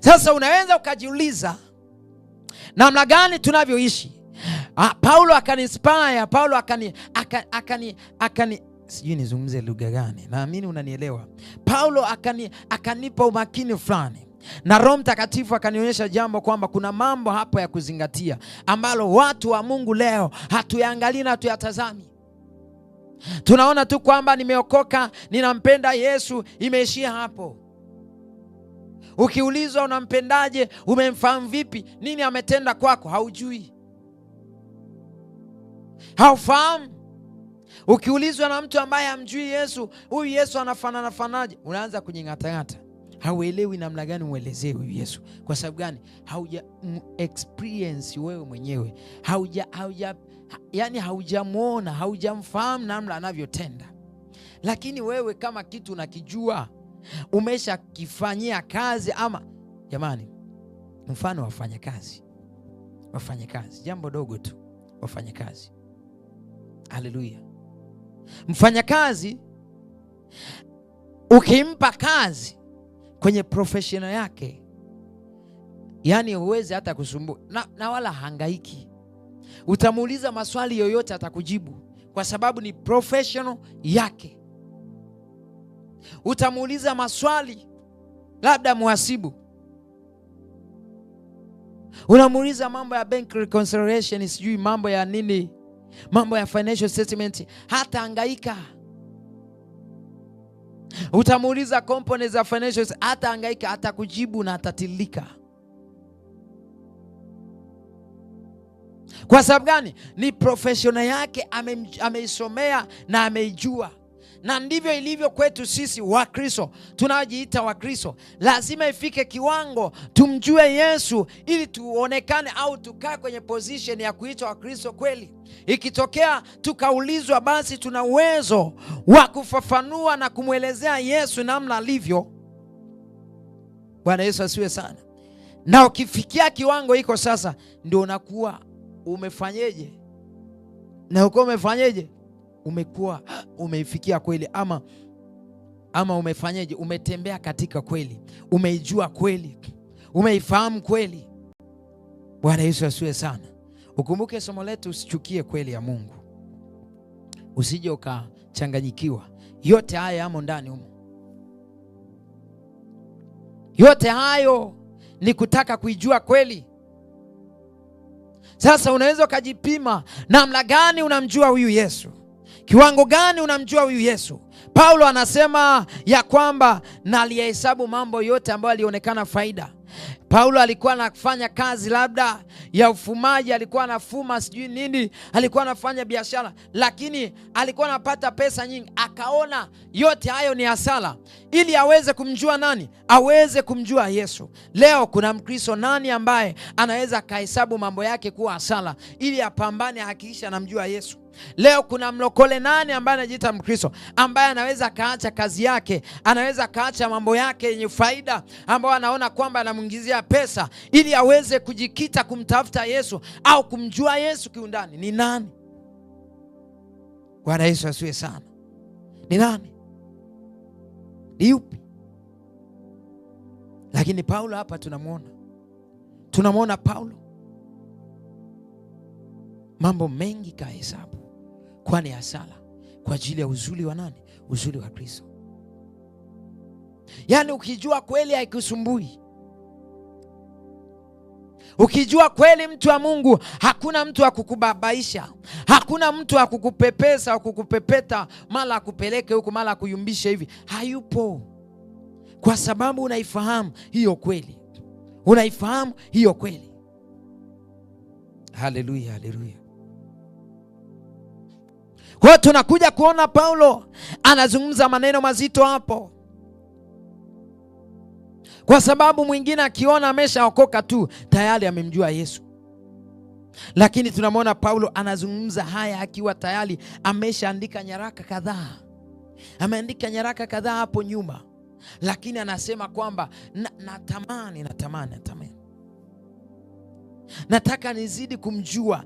Sasa unaweza ukajiuliza namna gani tunavyoishi. Ah, Paulo akaninspire, Paulo akani akani akani sijui nizungumze lugha gani, naamini unanielewa. Paulo akani, akanipa umakini fulani na Roho Mtakatifu akanionyesha jambo kwamba kuna mambo hapo ya kuzingatia ambalo watu wa Mungu leo hatuyaangalii na hatuyatazami. Tunaona tu kwamba nimeokoka, ninampenda Yesu, imeishia hapo. Ukiulizwa unampendaje, umemfahamu vipi, nini ametenda kwako, haujui, haufahamu. Ukiulizwa na mtu ambaye hamjui Yesu, huyu Yesu anafanana fanaje, unaanza kunying'atang'ata, hauelewi namna gani uelezee huyu Yesu. Kwa sababu gani? hauja experience wewe mwenyewe, hauja, hauja, yani haujamwona, haujamfahamu namna anavyotenda, lakini wewe kama kitu unakijua umeshakifanyia kazi ama. Jamani, mfano wafanyakazi, kazi jambo dogo tu, kazi Haleluya! Mfanyakazi ukimpa kazi kwenye professional yake, yani huwezi hata kusumbua na, na wala hangaiki. Utamuuliza maswali yoyote atakujibu, kwa sababu ni professional yake utamuuliza maswali, labda muhasibu unamuuliza mambo ya bank reconciliation, sijui mambo ya nini, mambo ya financial statement, hata angaika Utamuuliza components za financial, hata hangaika, atakujibu na atatilika. Kwa sababu gani? Ni professional yake, ameisomea na ameijua na ndivyo ilivyo kwetu sisi Wakristo tunaojiita Wakristo. Lazima ifike kiwango tumjue Yesu ili tuonekane au tukae kwenye position ya kuitwa Wakristo kweli. Ikitokea tukaulizwa, basi tuna uwezo wa kufafanua na kumwelezea Yesu namna alivyo. Bwana Yesu asiwe sana. Na ukifikia kiwango hiko sasa, ndio unakuwa umefanyeje na uko umefanyeje umekuwa umeifikia kweli ama, ama umefanyaje? Umetembea katika kweli, umeijua kweli, umeifahamu kweli. Bwana Yesu asiwe sana. Ukumbuke somo letu, usichukie kweli ya Mungu, usije ukachanganyikiwa. Yote haya yamo ndani humo, yote hayo ni kutaka kuijua kweli. Sasa unaweza ukajipima namna gani unamjua huyu Yesu. Kiwango gani unamjua huyu Yesu? Paulo anasema ya kwamba na aliyehesabu mambo yote ambayo alionekana faida. Paulo alikuwa anafanya kazi labda ya ufumaji, alikuwa anafuma sijui nini, alikuwa anafanya biashara, lakini alikuwa anapata pesa nyingi akaona yote hayo ni hasara, ili aweze kumjua nani? Aweze kumjua Yesu. Leo kuna Mkristo nani ambaye anaweza akahesabu mambo yake kuwa hasara, ili apambane ahakikishe anamjua Yesu? Leo kuna mlokole nani ambaye anajiita Mkristo ambaye anaweza akaacha kazi yake, anaweza akaacha mambo yake yenye faida ambayo anaona kwamba anamwingizia pesa, ili aweze kujikita kumtafuta Yesu au kumjua Yesu kiundani? Ni nani? Bwana Yesu asiwe sana ni nani? Ni yupi? Lakini Paulo hapa tunamwona, tunamwona Paulo mambo mengi kahesabu kwani hasara kwa ajili ya uzuri wa nani? Uzuri wa Kristo. Yaani ukijua kweli haikusumbui Ukijua kweli mtu wa Mungu, hakuna mtu wa kukubabaisha, hakuna mtu wa kukupepesa, wa kukupepeta, mala akupeleke huku, mala akuyumbishe hivi, hayupo, kwa sababu unaifahamu hiyo kweli, unaifahamu hiyo kweli. Haleluya, haleluya. Kwa tunakuja kuona Paulo anazungumza maneno mazito hapo kwa sababu mwingine akiona ameshaokoka tu tayari amemjua Yesu. Lakini tunamwona Paulo anazungumza haya akiwa tayari ameshaandika nyaraka kadhaa, ameandika nyaraka kadhaa hapo nyuma, lakini anasema kwamba natamani, na natamani, natamani nataka nizidi kumjua,